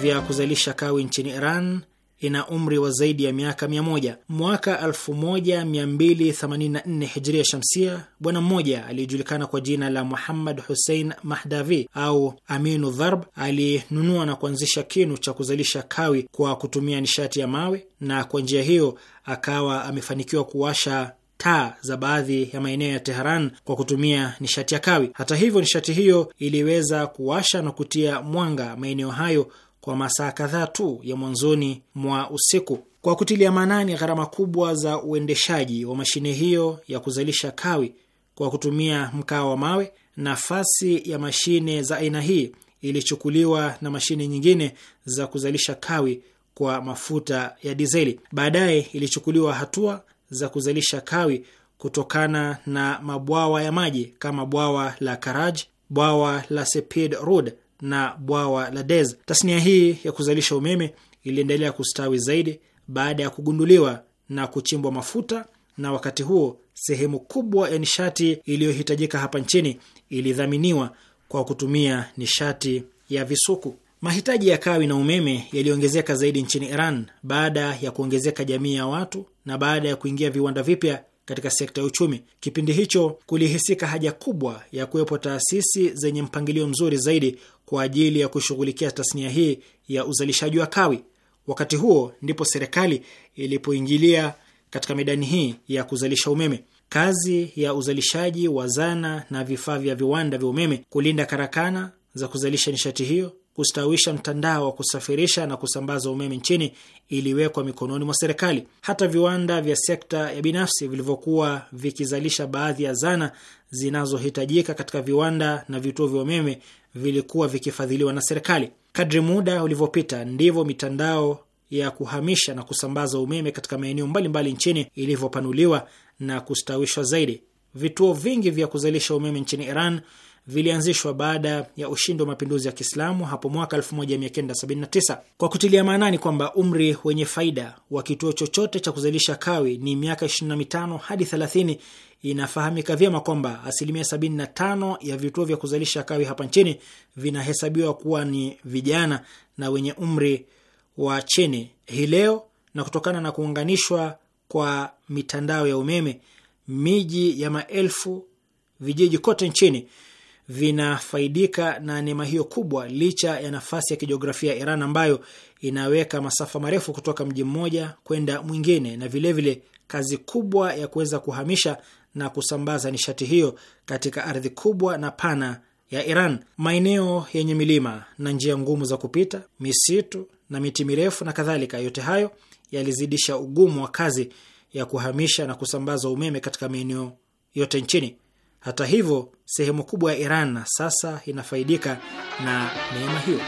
vya kuzalisha kawi nchini Iran ina umri wa zaidi ya miaka mia moja. Mwaka 1284 Hijria Shamsia, bwana mmoja aliyejulikana kwa jina la Muhammad Hussein Mahdavi au Aminu Dharb alinunua na kuanzisha kinu cha kuzalisha kawi kwa kutumia nishati ya mawe, na kwa njia hiyo akawa amefanikiwa kuwasha taa za baadhi ya maeneo ya Teheran kwa kutumia nishati ya kawi. Hata hivyo, nishati hiyo iliweza kuwasha na kutia mwanga maeneo hayo kwa masaa kadhaa tu ya mwanzoni mwa usiku. Kwa kutilia maanani gharama kubwa za uendeshaji wa mashine hiyo ya kuzalisha kawi kwa kutumia mkaa wa mawe, nafasi ya mashine za aina hii ilichukuliwa na mashine nyingine za kuzalisha kawi kwa mafuta ya dizeli. Baadaye ilichukuliwa hatua za kuzalisha kawi kutokana na mabwawa ya maji kama bwawa la Karaj, bwawa la Sepid Rud na bwawa la Dez. Tasnia hii ya kuzalisha umeme iliendelea kustawi zaidi baada ya kugunduliwa na kuchimbwa mafuta, na wakati huo sehemu kubwa ya nishati iliyohitajika hapa nchini ilidhaminiwa kwa kutumia nishati ya visukuku. Mahitaji ya kawi na umeme yaliongezeka zaidi nchini Iran baada ya kuongezeka jamii ya watu na baada ya kuingia viwanda vipya katika sekta ya uchumi. Kipindi hicho kulihisika haja kubwa ya kuwepo taasisi zenye mpangilio mzuri zaidi kwa ajili ya kushughulikia tasnia hii ya uzalishaji wa kawi. Wakati huo ndipo serikali ilipoingilia katika medani hii ya kuzalisha umeme. Kazi ya uzalishaji wa zana na vifaa vya viwanda vya umeme, kulinda karakana za kuzalisha nishati hiyo, kustawisha mtandao wa kusafirisha na kusambaza umeme nchini iliwekwa mikononi mwa serikali. Hata viwanda vya sekta ya binafsi vilivyokuwa vikizalisha baadhi ya zana zinazohitajika katika viwanda na vituo vya umeme vilikuwa vikifadhiliwa na serikali. Kadri muda ulivyopita, ndivyo mitandao ya kuhamisha na kusambaza umeme katika maeneo mbalimbali nchini ilivyopanuliwa na kustawishwa zaidi. Vituo vingi vya kuzalisha umeme nchini Iran vilianzishwa baada ya ushindi wa mapinduzi ya Kiislamu hapo mwaka 1979 kwa kutilia maanani kwamba umri wenye faida wa kituo chochote cha kuzalisha kawi ni miaka 25 hadi 30. Inafahamika vyema kwamba asilimia 75 ya vituo vya kuzalisha kawi hapa nchini vinahesabiwa kuwa ni vijana na wenye umri wa chini hii leo, na kutokana na kuunganishwa kwa mitandao ya umeme, miji ya maelfu, vijiji kote nchini vinafaidika na neema hiyo kubwa, licha ya nafasi ya kijiografia ya Iran ambayo inaweka masafa marefu kutoka mji mmoja kwenda mwingine, na vilevile vile kazi kubwa ya kuweza kuhamisha na kusambaza nishati hiyo katika ardhi kubwa na pana ya Iran, maeneo yenye milima na njia ngumu za kupita, misitu na miti mirefu na kadhalika. Yote hayo yalizidisha ugumu wa kazi ya kuhamisha na kusambaza umeme katika maeneo yote nchini. Hata hivyo, sehemu kubwa ya Iran sasa inafaidika na neema hiyo.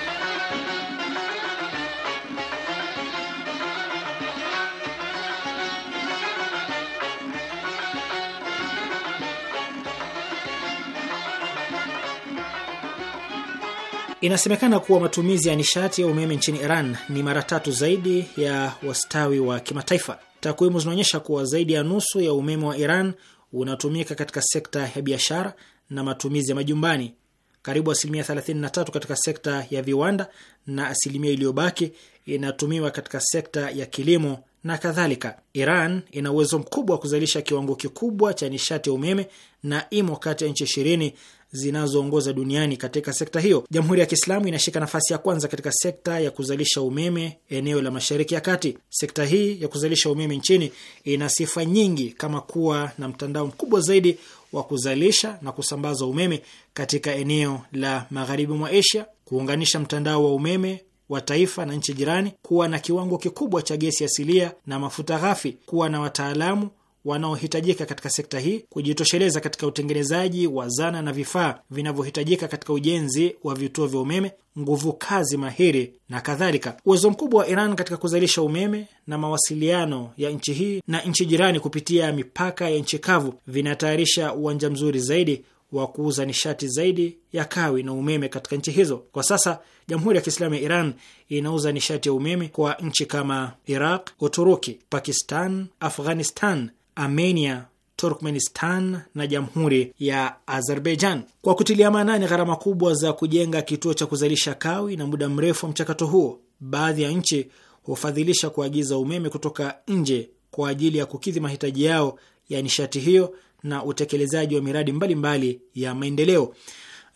Inasemekana kuwa matumizi ya nishati ya umeme nchini Iran ni mara tatu zaidi ya wastani wa kimataifa. Takwimu zinaonyesha kuwa zaidi ya nusu ya umeme wa Iran unatumika katika sekta ya biashara na matumizi ya majumbani, karibu asilimia 33 katika sekta ya viwanda na asilimia iliyobaki inatumiwa katika sekta ya kilimo na kadhalika. Iran ina uwezo mkubwa wa kuzalisha kiwango kikubwa cha nishati ya umeme na imo kati ya nchi ishirini zinazoongoza duniani katika sekta hiyo. Jamhuri ya Kiislamu inashika nafasi ya kwanza katika sekta ya kuzalisha umeme eneo la Mashariki ya Kati. Sekta hii ya kuzalisha umeme nchini ina sifa nyingi kama kuwa na mtandao mkubwa zaidi wa kuzalisha na kusambaza umeme katika eneo la magharibi mwa Asia, kuunganisha mtandao wa umeme wa taifa na nchi jirani, kuwa na kiwango kikubwa cha gesi asilia na mafuta ghafi, kuwa na wataalamu wanaohitajika katika sekta hii kujitosheleza katika utengenezaji wa zana na vifaa vinavyohitajika katika ujenzi wa vituo vya umeme, nguvu kazi mahiri na kadhalika. Uwezo mkubwa wa Iran katika kuzalisha umeme na mawasiliano ya nchi hii na nchi jirani kupitia mipaka ya nchi kavu vinatayarisha uwanja mzuri zaidi wa kuuza nishati zaidi ya kawi na umeme katika nchi hizo. Kwa sasa Jamhuri ya Kiislamu ya Iran inauza nishati ya umeme kwa nchi kama Iraq, Uturuki, Pakistan, Afghanistan Armenia, Turkmenistan na jamhuri ya Azerbaijan. Kwa kutilia maanani gharama kubwa za kujenga kituo cha kuzalisha kawi na muda mrefu wa mchakato huo, baadhi ya nchi hufadhilisha kuagiza umeme kutoka nje kwa ajili ya kukidhi mahitaji yao ya nishati hiyo na utekelezaji wa miradi mbalimbali mbali ya maendeleo.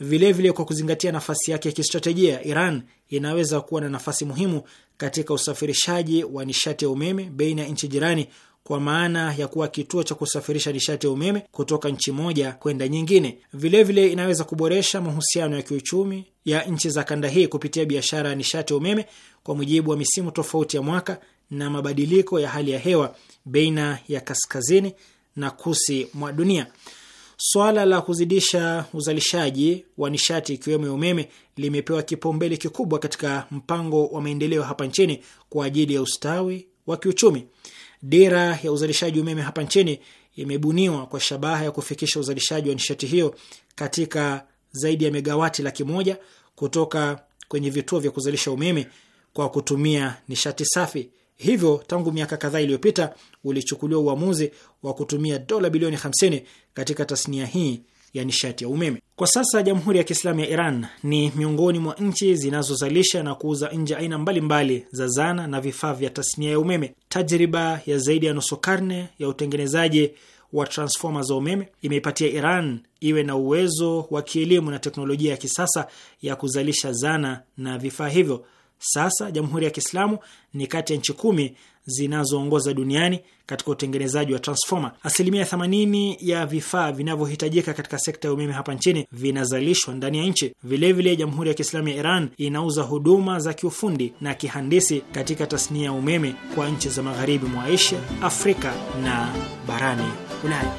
Vilevile vile kwa kuzingatia nafasi yake ya kistratejia, Iran inaweza kuwa na nafasi muhimu katika usafirishaji wa nishati ya umeme baina ya nchi jirani kwa maana ya kuwa kituo cha kusafirisha nishati ya umeme kutoka nchi moja kwenda nyingine. Vilevile vile inaweza kuboresha mahusiano ya kiuchumi ya nchi za kanda hii kupitia biashara ya nishati ya umeme kwa mujibu wa misimu tofauti ya mwaka na mabadiliko ya hali ya hewa baina ya kaskazini na kusi mwa dunia. Swala la kuzidisha uzalishaji wa nishati ikiwemo ya umeme limepewa kipaumbele kikubwa katika mpango wa maendeleo hapa nchini kwa ajili ya ustawi wa kiuchumi. Dira ya uzalishaji umeme hapa nchini imebuniwa kwa shabaha ya kufikisha uzalishaji wa nishati hiyo katika zaidi ya megawati laki moja kutoka kwenye vituo vya kuzalisha umeme kwa kutumia nishati safi. Hivyo tangu miaka kadhaa iliyopita ulichukuliwa uamuzi wa kutumia dola bilioni 50 katika tasnia hii ya nishati ya umeme. Kwa sasa Jamhuri ya Kiislamu ya Iran ni miongoni mwa nchi zinazozalisha na kuuza nje aina mbalimbali mbali za zana na vifaa vya tasnia ya umeme. Tajriba ya zaidi ya nusu karne ya utengenezaji wa transfoma za umeme imeipatia Iran iwe na uwezo wa kielimu na teknolojia ya kisasa ya kuzalisha zana na vifaa hivyo. Sasa Jamhuri ya Kiislamu ni kati ya nchi kumi zinazoongoza duniani katika utengenezaji wa transfoma. Asilimia 80 ya vifaa vinavyohitajika katika sekta ya umeme hapa nchini vinazalishwa ndani ya nchi. Vilevile, Jamhuri ya Kiislamu ya Iran inauza huduma za kiufundi na kihandisi katika tasnia ya umeme kwa nchi za magharibi mwa Asia, Afrika na barani Ulaya.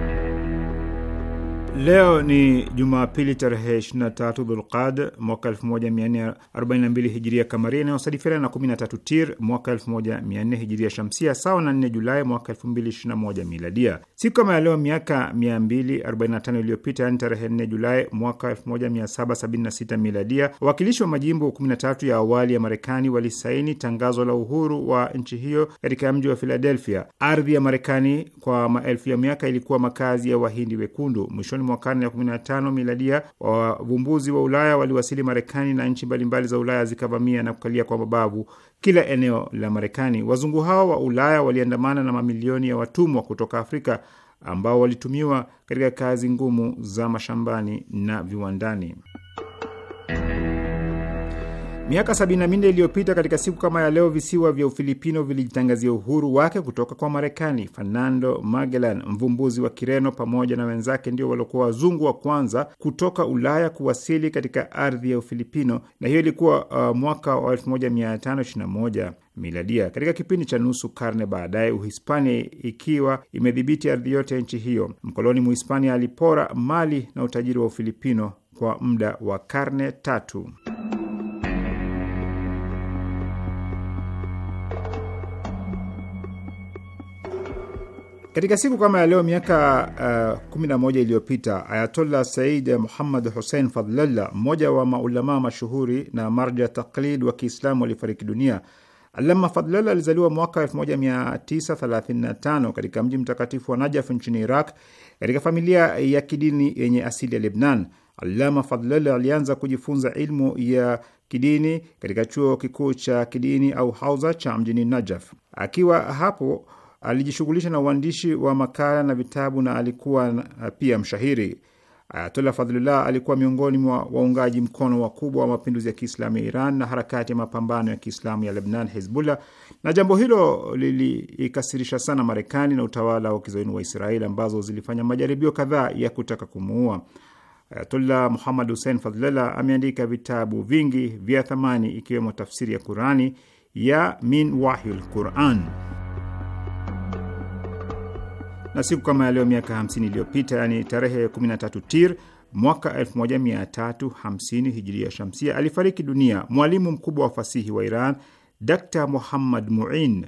Leo ni Jumapili tarehe 23 Dhulqad mwaka 1442 hijiria kamaria inayosadifiana na 13 Tir mwaka 1400 hijiria shamsia sawa na 4 Julai mwaka 2021 miladia. Siku kama ya leo miaka 245 iliyopita, yani tarehe 4 Julai mwaka 1776 miladia, wawakilishi wa majimbo 13 ya awali ya Marekani walisaini tangazo la uhuru wa nchi hiyo katika mji wa Philadelphia. Ardhi ya Marekani kwa maelfu ya miaka ilikuwa makazi ya wahindi wekundu. Mwishoni mwishoni mwa karne ya 15 miladia, wavumbuzi wa Ulaya waliwasili Marekani na nchi mbalimbali za Ulaya zikavamia na kukalia kwa mabavu kila eneo la Marekani. Wazungu hao wa Ulaya waliandamana na mamilioni ya watumwa kutoka Afrika ambao walitumiwa katika kazi ngumu za mashambani na viwandani. Miaka 74 iliyopita katika siku kama ya leo, visiwa vya Ufilipino vilijitangazia uhuru wake kutoka kwa Marekani. Fernando Magellan, mvumbuzi wa Kireno, pamoja na wenzake ndio waliokuwa wazungu wa kwanza kutoka Ulaya kuwasili katika ardhi ya Ufilipino, na hiyo ilikuwa uh, mwaka wa 1521 miladia. Katika kipindi cha nusu karne baadaye, Uhispania ikiwa imedhibiti ardhi yote ya nchi hiyo, mkoloni Muhispania alipora mali na utajiri wa Ufilipino kwa muda wa karne tatu. Katika siku kama ya leo miaka uh, 11 iliyopita Ayatollah Said Muhammad Hussein Fadlallah, mmoja wa maulamaa mashuhuri na marja taklid wa Kiislamu, alifariki dunia. Alama Fadlallah alizaliwa mwaka 1935 katika mji mtakatifu wa Najaf nchini Iraq, katika familia ya kidini yenye asili ya Lebnan. Alama Fadlallah alianza kujifunza ilmu ya kidini katika chuo kikuu cha kidini au hauza cha mjini Najaf. Akiwa hapo Alijishughulisha na uandishi wa makala na vitabu na alikuwa pia mshahiri. Ayatola Fadhlullah alikuwa miongoni mwa waungaji mkono wakubwa wa mapinduzi ya Kiislamu ya Iran na harakati ya mapambano ya Kiislamu ya Lebnan, Hezbullah, na jambo hilo liliikasirisha sana Marekani na utawala wa kizoeni wa Israeli ambazo zilifanya majaribio kadhaa ya kutaka kumuua. Ayatullah Muhammad Hussein Fadhlullah ameandika vitabu vingi vya thamani ikiwemo tafsiri ya Qurani ya Min Wahyul Quran na siku kama ya leo miaka 50 iliyopita, yani tarehe 13 Tir mwaka 1350 hijiria shamsia, alifariki dunia mwalimu mkubwa wa fasihi wa Iran Dr. Muhammad Muin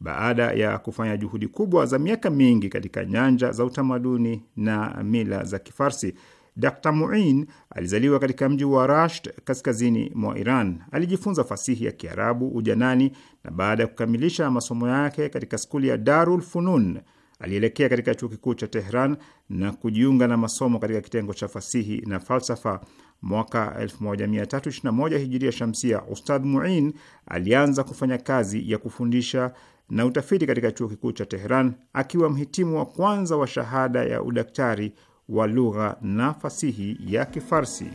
baada ya kufanya juhudi kubwa za miaka mingi katika nyanja za utamaduni na mila za Kifarsi. Dr. Muin alizaliwa katika mji wa Rasht kaskazini mwa Iran. Alijifunza fasihi ya Kiarabu ujanani na baada ya kukamilisha masomo yake katika skuli ya Darul Funun Alielekea katika chuo kikuu cha Tehran na kujiunga na masomo katika kitengo cha fasihi na falsafa. Mwaka 1321 hijiria shamsia, Ustadh Muin alianza kufanya kazi ya kufundisha na utafiti katika chuo kikuu cha Tehran, akiwa mhitimu wa kwanza wa shahada ya udaktari wa lugha na fasihi ya Kifarsi.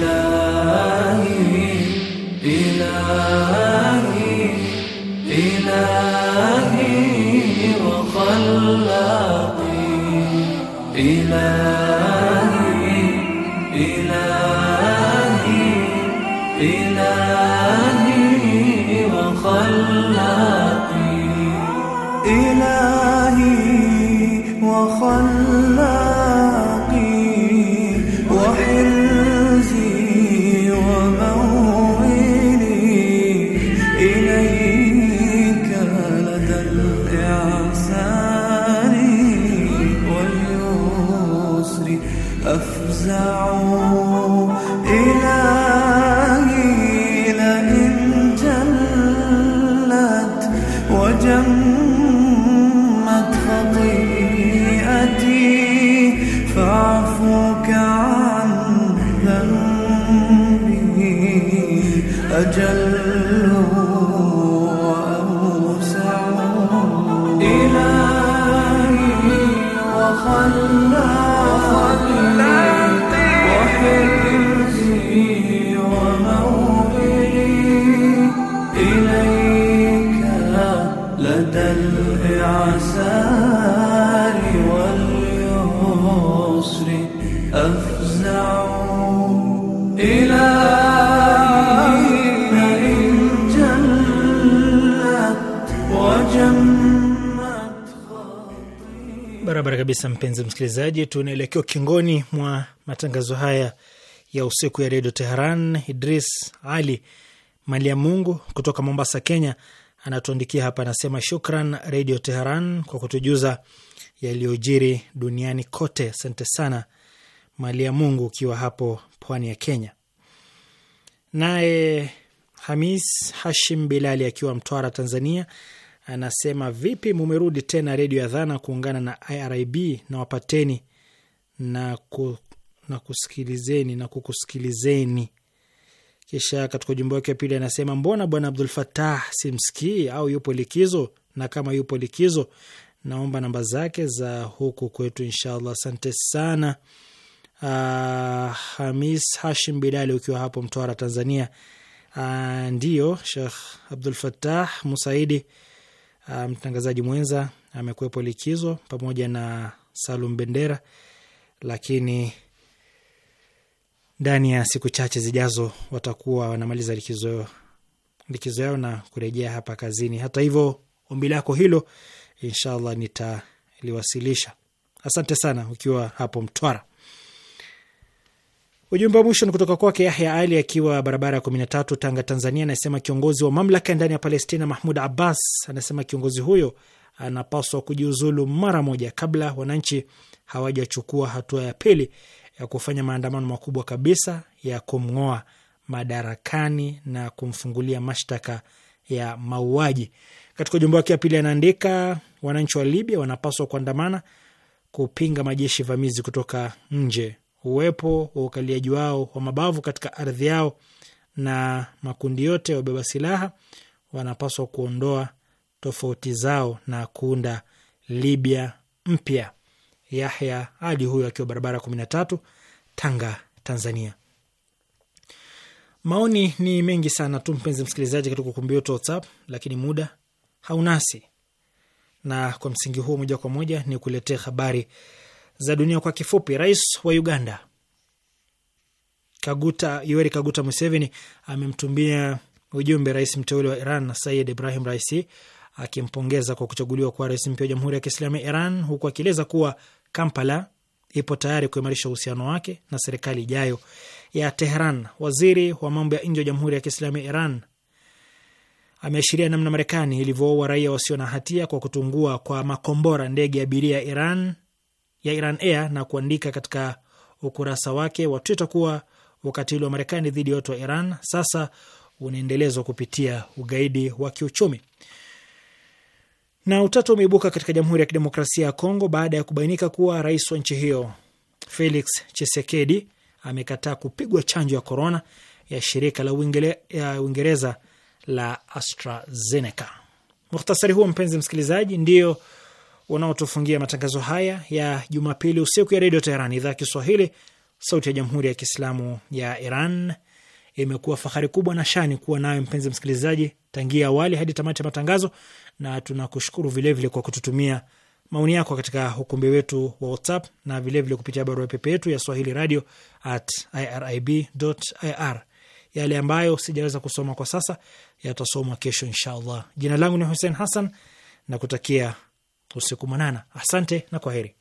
love. أفزع إلى kabisa, mpenzi msikilizaji, tunaelekea ukingoni mwa matangazo haya ya usiku ya redio Teheran. Idris Ali mali ya Mungu kutoka Mombasa, Kenya, anatuandikia hapa, anasema shukran redio Teheran kwa kutujuza yaliyojiri duniani kote. Asante sana mali ya Mungu ukiwa hapo pwani ya Kenya. Naye Hamis Hashim Bilali akiwa Mtwara, Tanzania, anasema vipi, mumerudi tena redio ya dhana kuungana na IRIB na wapateni na, ku, na kusikilizeni na kukusikilizeni. Kisha katika ujumbe wake wa pili anasema mbona bwana Abdul Fatah simsikii au yupo likizo? Na kama yupo likizo, naomba namba zake za huku kwetu inshallah. Asante sana. Uh, Hamis Hashim Bidali ukiwa hapo Mtwara, Tanzania. Uh, ndiyo Shekh Abdul Fatah Musaidi Ah, mtangazaji um, mwenza amekuwepo likizo pamoja na Salum Bendera, lakini ndani ya siku chache zijazo watakuwa wanamaliza likizo, likizo yao na kurejea hapa kazini. Hata hivyo, ombi lako hilo inshallah nitaliwasilisha. Asante sana ukiwa hapo Mtwara. Ujumbe wa mwisho ni kutoka kwake Yahya Ali akiwa barabara ya 13 Tanga, Tanzania. Anasema kiongozi wa mamlaka ndani ya Palestina Mahmud Abbas anasema kiongozi huyo anapaswa kujiuzulu mara moja kabla wananchi hawajachukua hatua ya pili ya kufanya maandamano makubwa kabisa ya kumng'oa madarakani na kumfungulia mashtaka ya mauaji. Katika ujumbe wake wa pili anaandika, wananchi wa Libya wanapaswa kuandamana kupinga majeshi vamizi kutoka nje uwepo wa ukaliaji wao wa mabavu katika ardhi yao na makundi yote wabeba silaha wanapaswa kuondoa tofauti zao na kuunda Libya mpya. Yahya Ali huyo akiwa barabara kumi na tatu, Tanga, Tanzania. Maoni ni mengi sana tu, mpenzi msikilizaji, katika ukumbi wetu WhatsApp, lakini muda haunasi, na kwa msingi huo moja kwa moja ni kuletea habari za dunia kwa kifupi. Rais wa Uganda Kaguta Yoweri Kaguta Museveni amemtumia ujumbe rais mteule wa Iran Sayid Ibrahim Raisi akimpongeza kwa kuchaguliwa kwa rais mpya wa Jamhuri ya Kiislamu ya Iran, huku akieleza kuwa Kampala ipo tayari kuimarisha uhusiano wake na serikali ijayo ya Tehran. Waziri wa mambo ya nje wa Jamhuri ya Kiislamu ya Iran ameashiria namna Marekani ilivyoua raia wasio na hatia kwa kutungua kwa makombora ndege ya abiria ya Iran ya Iran Air na kuandika katika ukurasa wake wa Twitter kuwa ukatili wa Marekani dhidi ya watu wa Iran sasa unaendelezwa kupitia ugaidi wa kiuchumi. Na utata umeibuka katika Jamhuri ya Kidemokrasia ya Kongo baada ya kubainika kuwa rais wa nchi hiyo Felix chisekedi amekataa kupigwa chanjo ya korona ya shirika la Uingereza la AstraZeneca. Mukhtasari huo mpenzi msikilizaji, ndiyo unaotufungia matangazo haya ya Jumapili usiku ya Redio Teheran, idhaa Kiswahili, sauti ya Jamhuri ya Kiislamu ya Iran. Imekuwa fahari kubwa na shani kuwa nayo mpenzi msikilizaji, tangia awali hadi tamati ya matangazo, na tunakushukuru vilevile kwa kututumia maoni yako katika ukumbi wetu wa WhatsApp na vilevile vile kupitia barua pepe yetu ya swahili radio at irib ir. Yale ambayo sijaweza kusoma kwa sasa yatasomwa kesho inshallah. Jina langu ni Hussein Hassan na kutakia usiku mwanana. Asante na kwaheri.